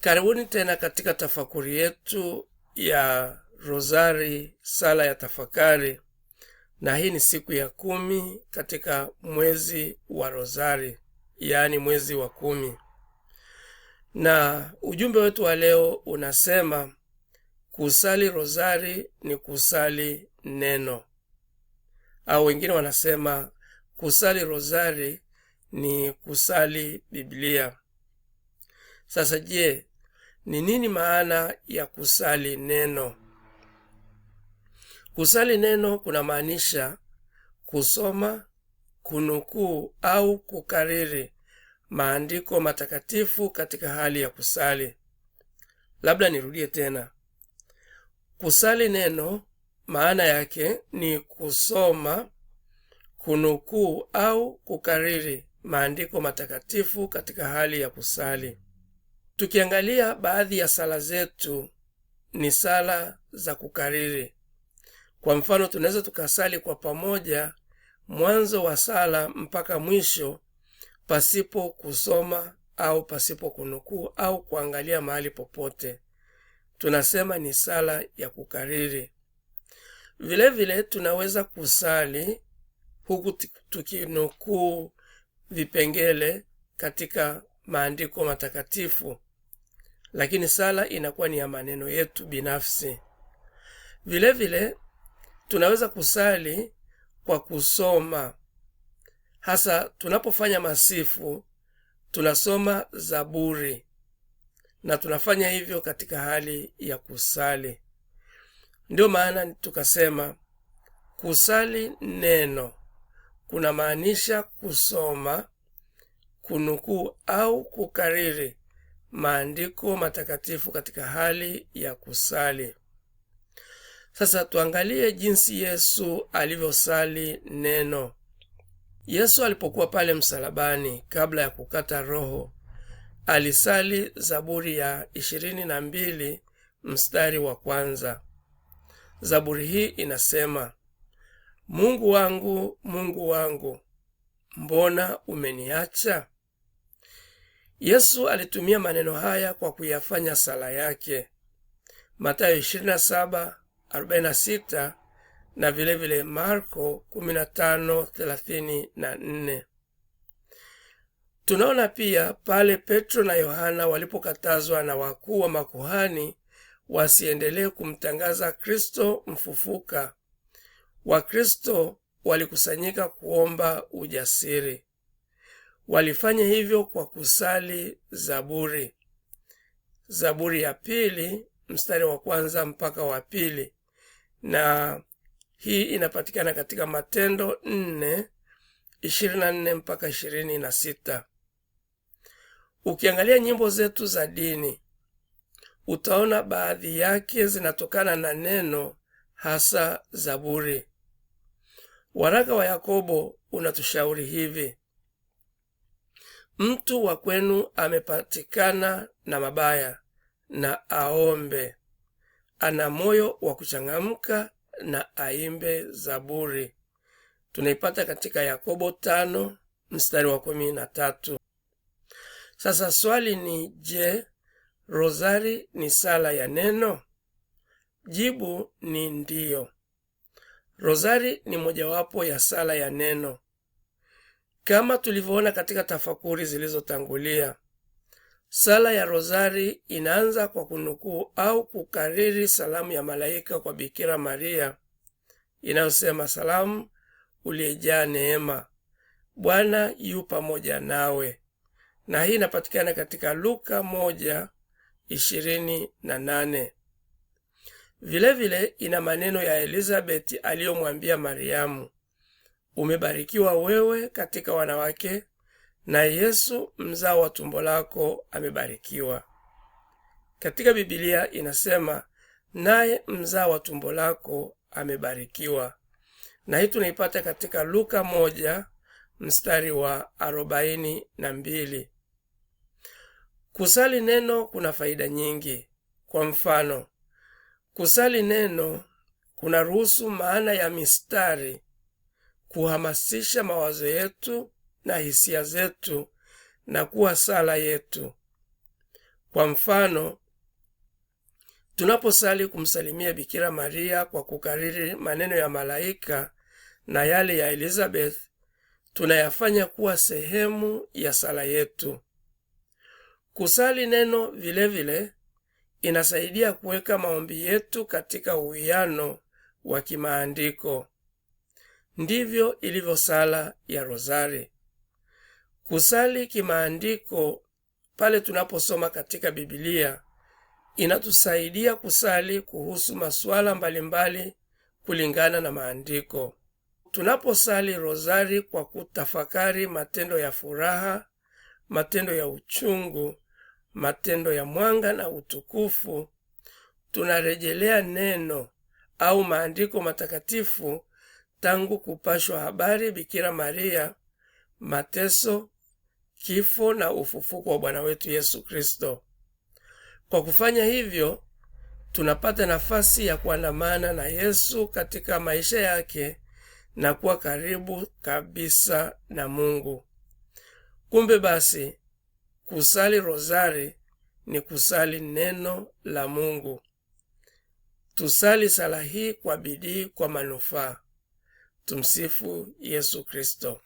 karibuni tena katika tafakuri yetu ya rozari sala ya tafakari na hii ni siku ya kumi katika mwezi wa rozari yaani mwezi wa kumi na ujumbe wetu wa leo unasema kusali rozari ni kusali neno au wengine wanasema kusali rozari ni kusali biblia sasa je ni nini maana ya kusali neno? Kusali neno kunamaanisha kusoma, kunukuu au kukariri maandiko matakatifu katika hali ya kusali. Labda nirudie tena. Kusali neno maana yake ni kusoma, kunukuu au kukariri maandiko matakatifu katika hali ya kusali. Tukiangalia baadhi ya sala zetu ni sala za kukariri. Kwa mfano, tunaweza tukasali kwa pamoja mwanzo wa sala mpaka mwisho pasipo kusoma au pasipo kunukuu au kuangalia mahali popote. Tunasema ni sala ya kukariri. Vilevile vile, tunaweza kusali huku tukinukuu vipengele katika maandiko matakatifu lakini sala inakuwa ni ya maneno yetu binafsi. Vilevile vile, tunaweza kusali kwa kusoma, hasa tunapofanya masifu tunasoma Zaburi na tunafanya hivyo katika hali ya kusali. Ndiyo maana tukasema kusali neno kunamaanisha kusoma, kunukuu au kukariri maandiko matakatifu katika hali ya kusali. Sasa tuangalie jinsi Yesu alivyosali neno. Yesu alipokuwa pale msalabani, kabla ya kukata roho, alisali Zaburi ya 22 mstari wa kwanza. Zaburi hii inasema, Mungu wangu, Mungu wangu, mbona umeniacha? Yesu alitumia maneno haya kwa kuyafanya sala yake Mathayo 27:46 na vilevile Marko 15:34. Tunaona pia pale Petro na Yohana walipokatazwa na wakuu wa makuhani wasiendelee kumtangaza Kristo mfufuka. Wakristo walikusanyika kuomba ujasiri. Walifanya hivyo kwa kusali Zaburi. Zaburi ya pili mstari wa kwanza mpaka wa pili, na hii inapatikana katika Matendo nne ishirini na nne mpaka ishirini na sita. Ukiangalia nyimbo zetu za dini utaona baadhi yake zinatokana na neno hasa Zaburi. Waraka wa Yakobo unatushauri hivi: Mtu wa kwenu amepatikana na mabaya, na aombe; ana moyo wa kuchangamka na aimbe zaburi. Tunaipata katika Yakobo tano mstari wa kumi na tatu. Sasa swali ni je, rozari ni sala ya neno? Jibu ni ndiyo. Rozari ni mojawapo ya sala ya neno. Kama tulivyoona katika tafakuri zilizotangulia, sala ya Rozari inaanza kwa kunukuu au kukariri salamu ya malaika kwa Bikira Maria inayosema, salamu uliyejaa neema, Bwana yu pamoja nawe, na hii inapatikana katika Luka moja ishirini na nane. Vilevile ina maneno ya Elizabeti aliyomwambia Mariamu Umebarikiwa wewe katika wanawake, na Yesu mzao wa tumbo lako amebarikiwa. Katika Biblia inasema naye mzao wa tumbo lako amebarikiwa, na hii tunaipata katika Luka moja mstari wa arobaini na mbili. Kusali neno kuna faida nyingi. Kwa mfano, kusali neno kuna ruhusu maana ya mistari kuhamasisha mawazo yetu na hisia zetu na kuwa sala yetu. Kwa mfano, tunaposali kumsalimia Bikira Maria kwa kukariri maneno ya malaika na yale ya Elizabeth, tunayafanya kuwa sehemu ya sala yetu. Kusali neno vilevile vile, inasaidia kuweka maombi yetu katika uwiano wa kimaandiko. Ndivyo ilivyo sala ya rozari. Kusali kimaandiko pale tunaposoma katika Bibilia inatusaidia kusali kuhusu masuala mbalimbali kulingana na maandiko. Tunaposali rozari kwa kutafakari matendo ya furaha, matendo ya uchungu, matendo ya mwanga na utukufu, tunarejelea neno au maandiko matakatifu tangu kupashwa habari Bikira Maria, mateso, kifo na ufufuko wa Bwana wetu Yesu Kristo. Kwa kufanya hivyo, tunapata nafasi ya kuandamana na Yesu katika maisha yake na kuwa karibu kabisa na Mungu. Kumbe basi, kusali rozari ni kusali neno la Mungu. Tusali sala hii kwa bidii kwa manufaa. tumsifu Yesu Kristo.